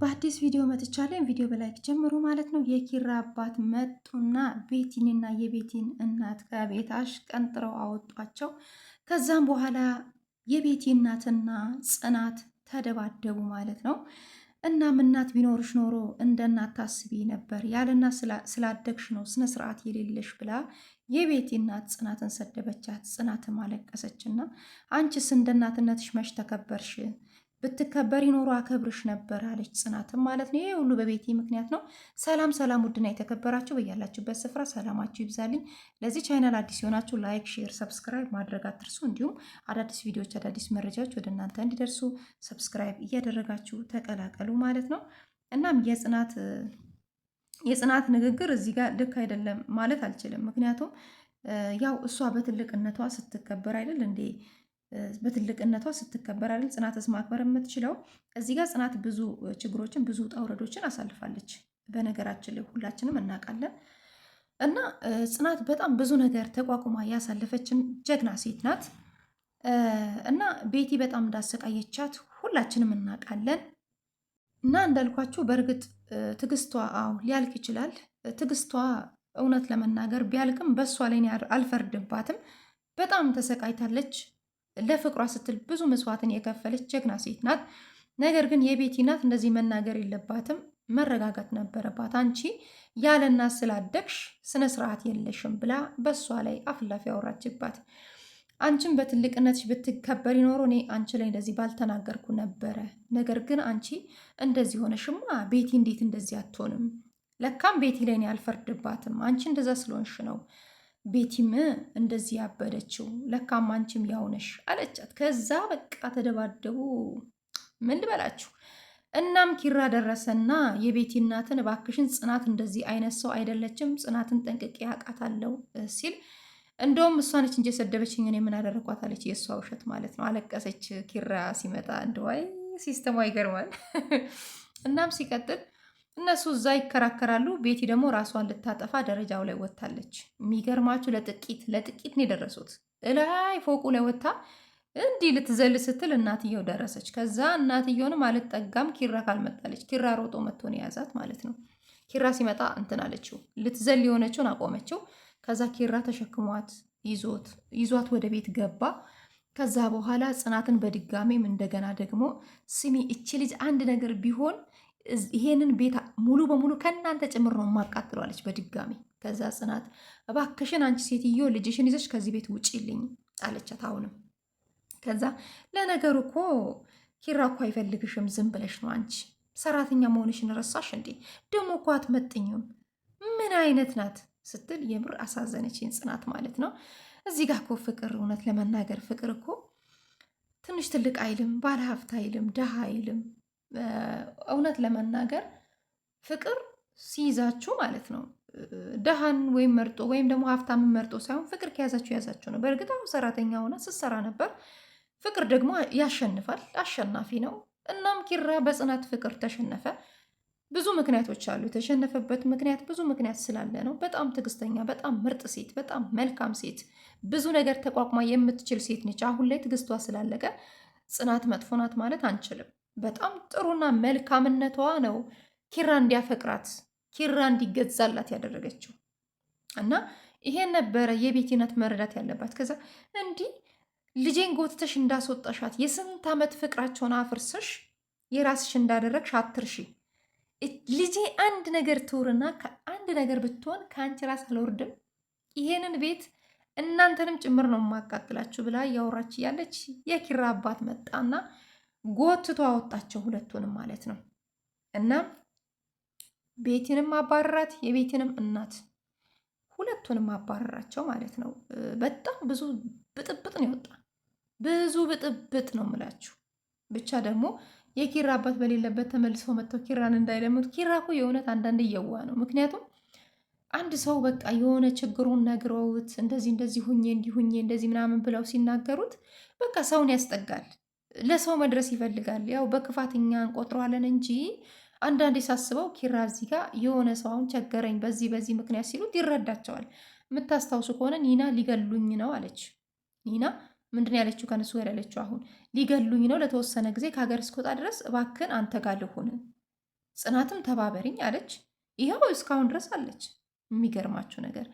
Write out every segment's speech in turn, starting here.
በአዲስ ቪዲዮ መጥቻለሁ። ቪዲዮ በላይክ ጀምሩ ማለት ነው። የኪራ አባት መጡና ቤቲንና የቤቲን እናት ከቤት አሽቀንጥረው አወጧቸው። ከዛም በኋላ የቤቲ እናትና ጽናት ተደባደቡ ማለት ነው። እናም እናት ቢኖርሽ ኖሮ እንደ እናት ታስቢ ነበር ያለና ስላደግሽ ነው ስነ ስርዓት የሌለሽ ብላ የቤቲ እናት ጽናትን ሰደበቻት። ጽናትም አለቀሰችና አንቺስ እንደ እናትነትሽ መች ተከበርሽ ብትከበር ይኖሩ አከብርሽ ነበር አለች ጽናትም ማለት ነው። ይሄ ሁሉ በቤቴ ምክንያት ነው። ሰላም ሰላም! ውድና የተከበራችሁ በያላችሁበት ስፍራ ሰላማችሁ ይብዛልኝ። ለዚህ ቻይናል አዲስ የሆናችሁ ላይክ፣ ሼር፣ ሰብስክራይብ ማድረግ አትርሱ። እንዲሁም አዳዲስ ቪዲዮዎች፣ አዳዲስ መረጃዎች ወደ እናንተ እንዲደርሱ ሰብስክራይብ እያደረጋችሁ ተቀላቀሉ ማለት ነው። እናም የጽናት የጽናት ንግግር እዚህ ጋር ልክ አይደለም ማለት አልችልም። ምክንያቱም ያው እሷ በትልቅነቷ ስትከበር አይደል እንዴ በትልቅነቷ ስትከበር አይደል ጽናትስ ማክበር የምትችለው። እዚህ ጋር ጽናት ብዙ ችግሮችን ብዙ ውጣ ውረዶችን አሳልፋለች። በነገራችን ላይ ሁላችንም እናውቃለን። እና ጽናት በጣም ብዙ ነገር ተቋቁማ ያሳለፈችን ጀግና ሴት ናት። እና ቤቲ በጣም እንዳሰቃየቻት ሁላችንም እናውቃለን። እና እንዳልኳችሁ በእርግጥ ትግስቷ አዎ ሊያልቅ ይችላል። ትግስቷ እውነት ለመናገር ቢያልቅም በእሷ ላይ አልፈርድባትም። በጣም ተሰቃይታለች። ለፍቅሯ ስትል ብዙ መስዋዕትን የከፈለች ጀግና ሴት ናት። ነገር ግን የቤቲ እናት እንደዚህ መናገር የለባትም፣ መረጋጋት ነበረባት። አንቺ ያለ እናት ስላደግሽ ስነ ስርዓት የለሽም ብላ በእሷ ላይ አፍላፊ ያወራችባት። አንቺም በትልቅነትሽ ብትከበር ይኖሮ እኔ አንቺ ላይ እንደዚህ ባልተናገርኩ ነበረ። ነገር ግን አንቺ እንደዚህ ሆነሽማ ቤቲ እንዴት እንደዚህ አትሆንም። ለካም ቤቲ ላይ እኔ አልፈርድባትም። አንቺ እንደዛ ስለሆንሽ ነው ቤቲም እንደዚህ ያበደችው ለካም አንቺም ያውነሽ አለቻት። ከዛ በቃ ተደባደቡ። ምን ልበላችሁ። እናም ኪራ ደረሰና የቤቲ እናትን እባክሽን ጽናት እንደዚህ አይነት ሰው አይደለችም፣ ጽናትን ጠንቅቄ አውቃታለሁ ሲል እንደውም እሷ ነች እንጂ የሰደበችኝ እኔ ምን አደረኳት አለች። የእሷ ውሸት ማለት ነው። አለቀሰች ኪራ ሲመጣ እንደዋይ ሲስተማ ይገርማል። እናም ሲቀጥል እነሱ እዛ ይከራከራሉ። ቤቲ ደግሞ ራሷን ልታጠፋ ደረጃው ላይ ወታለች። የሚገርማችሁ ለጥቂት ለጥቂት ነው የደረሱት። እላይ ፎቁ ላይ ወታ እንዲህ ልትዘል ስትል እናትየው ደረሰች። ከዛ እናትየውንም አልጠጋም ኪራ ካልመጣለች፣ ኪራ ሮጦ መጥቶን የያዛት ማለት ነው። ኪራ ሲመጣ እንትን አለችው፣ ልትዘል የሆነችውን አቆመችው። ከዛ ኪራ ተሸክሟት ይዞት ይዟት ወደ ቤት ገባ። ከዛ በኋላ ጽናትን በድጋሜም እንደገና ደግሞ ስሚ እቺ ልጅ አንድ ነገር ቢሆን ይሄንን ቤት ሙሉ በሙሉ ከእናንተ ጭምር ነው ማቃጥለዋለች በድጋሚ ከዛ ጽናት እባክሽን አንቺ ሴትዮ ልጅሽን ይዘሽ ከዚህ ቤት ውጪልኝ አለቻት አሁንም ከዛ ለነገሩ እኮ ኪራ እኮ አይፈልግሽም ዝም ብለሽ ነው አንቺ ሰራተኛ መሆንሽን ረሳሽ እንዴ ደሞ እኮ አትመጥኝም ምን አይነት ናት ስትል የምር አሳዘነችን ጽናት ማለት ነው እዚህ ጋር እኮ ፍቅር እውነት ለመናገር ፍቅር እኮ ትንሽ ትልቅ አይልም ባለሀብት አይልም ደሃ አይልም እውነት ለመናገር ፍቅር ሲይዛችሁ ማለት ነው ደሃን ወይም መርጦ ወይም ደግሞ ሀብታምን መርጦ ሳይሆን ፍቅር ከያዛችሁ የያዛችሁ ነው። በእርግጥ አሁን ሰራተኛ ሆነ ስትሰራ ነበር። ፍቅር ደግሞ ያሸንፋል፣ አሸናፊ ነው። እናም ኪራ በጽናት ፍቅር ተሸነፈ። ብዙ ምክንያቶች አሉ። የተሸነፈበት ምክንያት ብዙ ምክንያት ስላለ ነው። በጣም ትዕግስተኛ፣ በጣም ምርጥ ሴት፣ በጣም መልካም ሴት፣ ብዙ ነገር ተቋቁማ የምትችል ሴት ነች። አሁን ላይ ትዕግስቷ ስላለቀ ጽናት መጥፎ ናት ማለት አንችልም። በጣም ጥሩና መልካምነቷ ነው ኪራ እንዲያፈቅራት ኪራ እንዲገዛላት ያደረገችው እና ይሄን ነበረ የቤቲ ናት መረዳት ያለባት። ከዛ እንዲህ ልጄን ጎትተሽ እንዳስወጣሻት የስንት ዓመት ፍቅራቸውን አፍርሰሽ የራስሽ እንዳደረግሽ አትርሺ። ልጄ አንድ ነገር ትውርና ከአንድ ነገር ብትሆን ከአንቺ ራስ አልወርድም፣ ይሄንን ቤት እናንተንም ጭምር ነው የማቃጥላችሁ ብላ እያወራች እያለች የኪራ አባት መጣና ጎትቶ አወጣቸው ሁለቱንም ማለት ነው። እና ቤቲንም አባረራት፣ የቤቲንም እናት ሁለቱንም አባረራቸው ማለት ነው። በጣም ብዙ ብጥብጥ ነው የወጣ ብዙ ብጥብጥ ነው የምላችሁ። ብቻ ደግሞ የኪራ አባት በሌለበት ተመልሰው መጥተው ኪራን እንዳይለምት። ኪራ እኮ የእውነት አንዳንድ እየዋ ነው። ምክንያቱም አንድ ሰው በቃ የሆነ ችግሩን ነግረውት እንደዚህ እንደዚህ ሁኜ እንዲሁኜ እንደዚህ ምናምን ብለው ሲናገሩት በቃ ሰውን ያስጠጋል። ለሰው መድረስ ይፈልጋል። ያው በክፋተኛ እንቆጥረዋለን እንጂ አንዳንዴ ሳስበው ኪራ እዚህ ጋር የሆነ ሰው አሁን ቸገረኝ በዚህ በዚህ ምክንያት ሲሉት ይረዳቸዋል። የምታስታውሱ ከሆነ ኒና ሊገሉኝ ነው አለች። ኒና ምንድን ያለችው ከነሱ ጋር ያለችው አሁን ሊገሉኝ ነው፣ ለተወሰነ ጊዜ ከሀገር እስክወጣ ድረስ እባክን አንተ ጋር ልሁን፣ ጽናትም ተባበሪኝ አለች። ይኸው እስካሁን ድረስ አለች። የሚገርማችሁ ነገር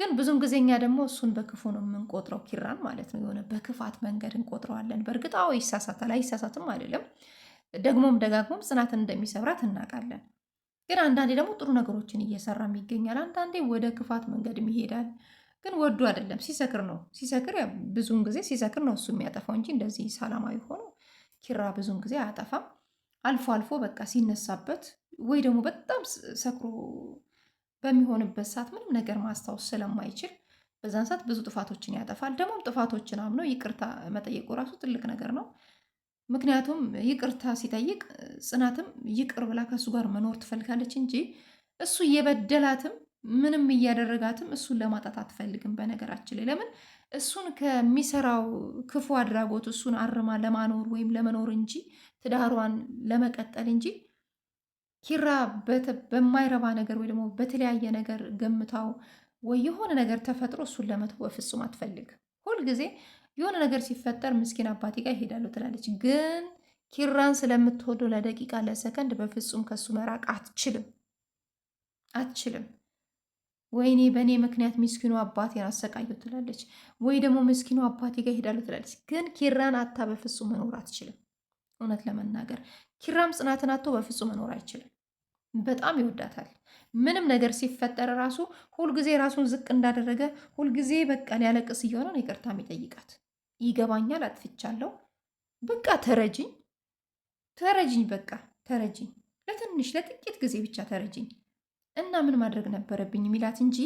ግን ብዙም ጊዜ እኛ ደግሞ እሱን በክፉ ነው የምንቆጥረው፣ ኪራን ማለት ነው። የሆነ በክፋት መንገድ እንቆጥረዋለን። በእርግጥ አዎ ይሳሳታል፣ አይሳሳትም አይደለም። ደግሞም ደጋግሞም ጽናትን እንደሚሰብራት እናውቃለን። ግን አንዳንዴ ደግሞ ጥሩ ነገሮችን እየሰራም ይገኛል። አንዳንዴ ወደ ክፋት መንገድም ይሄዳል። ግን ወዱ አይደለም፣ ሲሰክር ነው። ሲሰክር ብዙውን ጊዜ ሲሰክር ነው እሱ የሚያጠፋው እንጂ እንደዚህ ሰላማዊ ሆኖ ኪራ ብዙውን ጊዜ አያጠፋም። አልፎ አልፎ በቃ ሲነሳበት ወይ ደግሞ በጣም ሰክሮ በሚሆንበት ሰዓት ምንም ነገር ማስታወስ ስለማይችል በዛን ሰዓት ብዙ ጥፋቶችን ያጠፋል። ደግሞ ጥፋቶችን አምኖ ይቅርታ መጠየቁ ራሱ ትልቅ ነገር ነው። ምክንያቱም ይቅርታ ሲጠይቅ ጽናትም ይቅር ብላ ከእሱ ጋር መኖር ትፈልጋለች እንጂ እሱ እየበደላትም ምንም እያደረጋትም እሱን ለማጣት አትፈልግም። በነገራችን ላይ ለምን እሱን ከሚሰራው ክፉ አድራጎት እሱን አርማ ለማኖር ወይም ለመኖር እንጂ ትዳሯን ለመቀጠል እንጂ ኪራ በማይረባ ነገር ወይ ደግሞ በተለያየ ነገር ገምታው ወይ የሆነ ነገር ተፈጥሮ እሱን ለመተው በፍጹም አትፈልግ። ሁልጊዜ የሆነ ነገር ሲፈጠር ምስኪን አባቴ ጋር ይሄዳለሁ ትላለች። ግን ኪራን ስለምትወደው ለደቂቃ ለሰከንድ በፍጹም ከሱ መራቅ አትችልም አትችልም። ወይኔ በእኔ ምክንያት ምስኪኑ አባቴን አሰቃየው ትላለች። ወይ ደግሞ ምስኪኑ አባቴ ጋር ይሄዳለሁ ትላለች። ግን ኪራን አታ በፍጹም መኖር አትችልም። እውነት ለመናገር ኪራም ጽናትን አቶ በፍጹም መኖር አይችልም። በጣም ይወዳታል። ምንም ነገር ሲፈጠር ራሱ ሁልጊዜ ራሱን ዝቅ እንዳደረገ ሁልጊዜ በቃ ሊያለቅስ እየሆነ ነው ይቅርታ የሚጠይቃት። ይገባኛል፣ አጥፍቻለሁ፣ በቃ ተረጅኝ፣ ተረጅኝ፣ በቃ ተረጅኝ፣ ለትንሽ ለጥቂት ጊዜ ብቻ ተረጅኝ እና ምን ማድረግ ነበረብኝ የሚላት እንጂ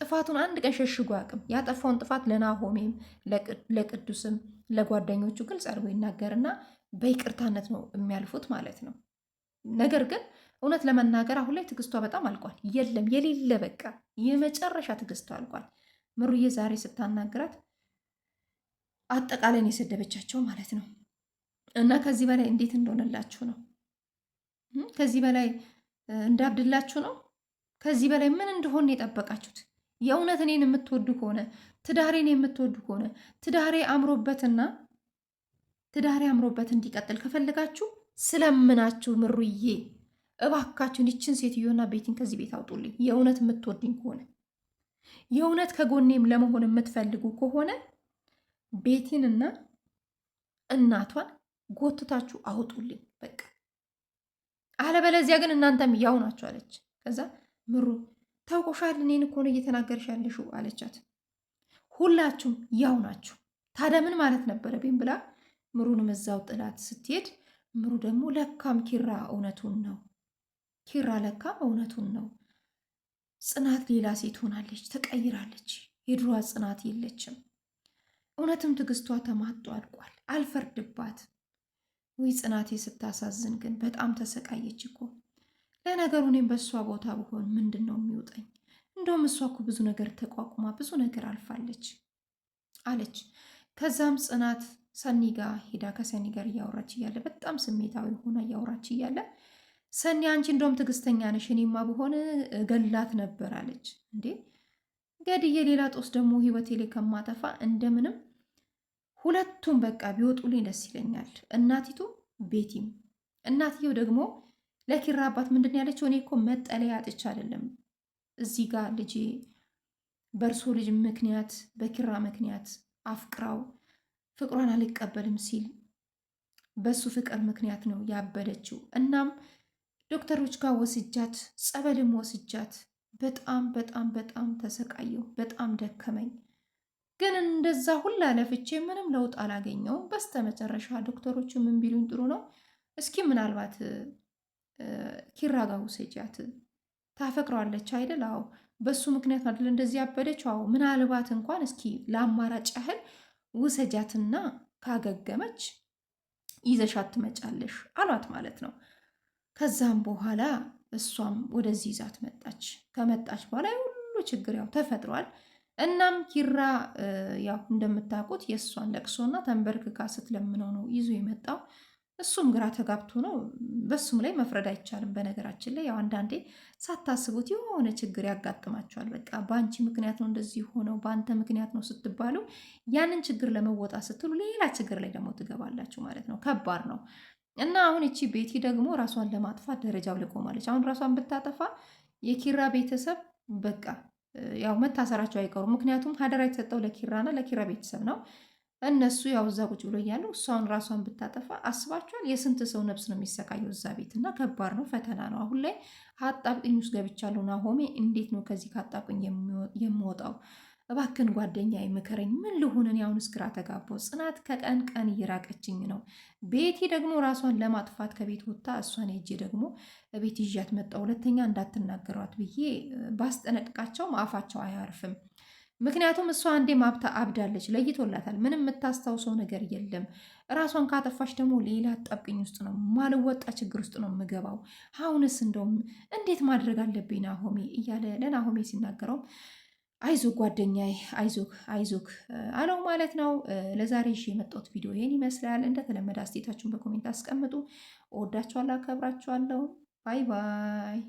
ጥፋቱን አንድ ቀን ሸሽጎ አቅም ያጠፋውን ጥፋት ለናሆሜም ለቅዱስም ለጓደኞቹ ግልጽ አድርጎ ይናገርና በይቅርታነት ነው የሚያልፉት ማለት ነው። ነገር ግን እውነት ለመናገር አሁን ላይ ትዕግስቷ በጣም አልቋል። የለም የሌለ በቃ የመጨረሻ ትዕግስቷ አልቋል። ምሩዬ ዛሬ ስታናግራት አጠቃላይን የሰደበቻቸው ማለት ነው። እና ከዚህ በላይ እንዴት እንደሆነላችሁ ነው? ከዚህ በላይ እንዳብድላችሁ ነው? ከዚህ በላይ ምን እንደሆነ የጠበቃችሁት? የእውነት እኔን የምትወዱ ከሆነ ትዳሬን የምትወዱ ከሆነ ትዳሬ አምሮበትና ትዳሪ አምሮበት እንዲቀጥል ከፈለጋችሁ ስለምናችሁ ምሩዬ እባካችሁን ይችን ሴትዮና ቤቲን ከዚህ ቤት አውጡልኝ። የእውነት የምትወድኝ ከሆነ የእውነት ከጎኔም ለመሆን የምትፈልጉ ከሆነ ቤቲንና እናቷን ጎትታችሁ አውጡልኝ በቃ። አለበለዚያ ግን እናንተም ያው ናችሁ አለች። ከዛ ምሩ ታውቆሻል፣ እኔን እኮ ነው እየተናገርሽ ያለሽው አለቻት። ሁላችሁም ያው ናችሁ ታዲያ ምን ማለት ነበረብኝ ብላ ምሩን መዛው ጥላት ስትሄድ ምሩ ደግሞ ለካም ኪራ እውነቱን ነው፣ ኪራ ለካም እውነቱን ነው። ጽናት ሌላ ሴት ሆናለች፣ ተቀይራለች። የድሯ ጽናት የለችም። እውነትም ትዕግስቷ ተማጡ አልቋል። አልፈርድባት። ውይ ጽናቴ ስታሳዝን ግን በጣም ተሰቃየች እኮ። ለነገሩ እኔም በእሷ ቦታ ብሆን ምንድን ነው የሚውጠኝ? እንደውም እሷ እኮ ብዙ ነገር ተቋቁማ ብዙ ነገር አልፋለች አለች። ከዛም ጽናት ሰኒ ጋር ሄዳ ከሰኒ ጋር እያወራች እያለ በጣም ስሜታዊ ሆና እያወራች እያለ ሰኒ አንቺ እንደውም ትዕግስተኛ ነሽ፣ እኔማ በሆነ ገላት ነበር አለች። እንዴ ገድዬ ሌላ ጦስ ደግሞ ህይወቴ ላይ ከማጠፋ እንደምንም ሁለቱም በቃ ቢወጡልኝ ደስ ይለኛል። እናቲቱ ቤቲም እናትየው ደግሞ ለኪራ አባት ምንድን ያለችው እኔ እኮ መጠለያ አጥቼ አይደለም እዚህ ጋር ልጄ በእርሶ ልጅ ምክንያት በኪራ ምክንያት አፍቅራው ፍቅሯን አልቀበልም ሲል በሱ ፍቅር ምክንያት ነው ያበደችው። እናም ዶክተሮች ጋር ወስጃት ጸበልም ወስጃት በጣም በጣም በጣም ተሰቃየው በጣም ደከመኝ። ግን እንደዛ ሁላ ለፍቼ ምንም ለውጥ አላገኘውም። በስተ መጨረሻ ዶክተሮቹ ምን ቢሉኝ ጥሩ ነው፣ እስኪ ምናልባት ኪራ ጋር ውሰጃት፣ ታፈቅረዋለች አይደል? አዎ። በሱ ምክንያት አይደል እንደዚህ ያበደችው? አዎ። ምናልባት እንኳን እስኪ ለአማራጭ ያህል ውሰጃትና ካገገመች ይዘሻት ትመጫለሽ አሏት ማለት ነው። ከዛም በኋላ እሷም ወደዚህ ይዛት መጣች። ከመጣች በኋላ ሁሉ ችግር ያው ተፈጥሯል። እናም ኪራ ያው እንደምታውቁት የእሷን ለቅሶና ተንበርክካ ስትለምነው ነው ይዞ የመጣው። እሱም ግራ ተጋብቶ ነው። በሱም ላይ መፍረድ አይቻልም። በነገራችን ላይ ያው አንዳንዴ ሳታስቡት የሆነ ችግር ያጋጥማቸዋል። በቃ በአንቺ ምክንያት ነው እንደዚህ ሆነው፣ በአንተ ምክንያት ነው ስትባሉ ያንን ችግር ለመወጣት ስትሉ ሌላ ችግር ላይ ደግሞ ትገባላችሁ ማለት ነው። ከባድ ነው እና አሁን እቺ ቤቲ ደግሞ ራሷን ለማጥፋት ደረጃው ላይ ቆማለች። አሁን ራሷን ብታጠፋ የኪራ ቤተሰብ በቃ ያው መታሰራቸው አይቀሩም። ምክንያቱም ሀደራ የተሰጠው ለኪራና ለኪራ ቤተሰብ ነው። እነሱ ያው እዛ ቁጭ ብሎ እያለው እሷን ራሷን ብታጠፋ አስባችኋል? የስንት ሰው ነብስ ነው የሚሰቃየው እዛ ቤት እና ከባድ ነው፣ ፈተና ነው። አሁን ላይ አጣብቅኝ ውስጥ ገብቻለሁ ናሆሜ፣ እንዴት ነው ከዚህ ከአጣብቅኝ የምወጣው? እባክን ጓደኛ ምከረኝ፣ ምን ልሁን? እኔ አሁንስ ግራ ተጋባው። ጽናት ከቀን ቀን እየራቀችኝ ነው። ቤቲ ደግሞ ራሷን ለማጥፋት ከቤት ወጥታ እሷን ሄጄ ደግሞ ቤት ይዣት መጣ። ሁለተኛ እንዳትናገሯት ብዬ ባስጠነቅቃቸውም አፋቸው አያርፍም። ምክንያቱም እሷ አንዴ ማብታ አብዳለች፣ ለይቶላታል። ምንም የምታስታውሰው ነገር የለም። ራሷን ካጠፋች ደግሞ ሌላ ጠብቅኝ ውስጥ ነው ማልወጣ ችግር ውስጥ ነው የምገባው። አሁንስ እንደውም እንዴት ማድረግ አለብኝ ናሆሜ እያለ ለናሆሜ ሲናገረው አይዞክ ጓደኛዬ አይዞክ አይዞክ አለው ማለት ነው። ለዛሬ ይዤ የመጣሁት ቪዲዮ ይህን ይመስላል። እንደተለመደ አስተያየታችሁን በኮሜንት አስቀምጡ። እወዳችኋለሁ፣ አከብራችኋለሁ። ባይ ባይ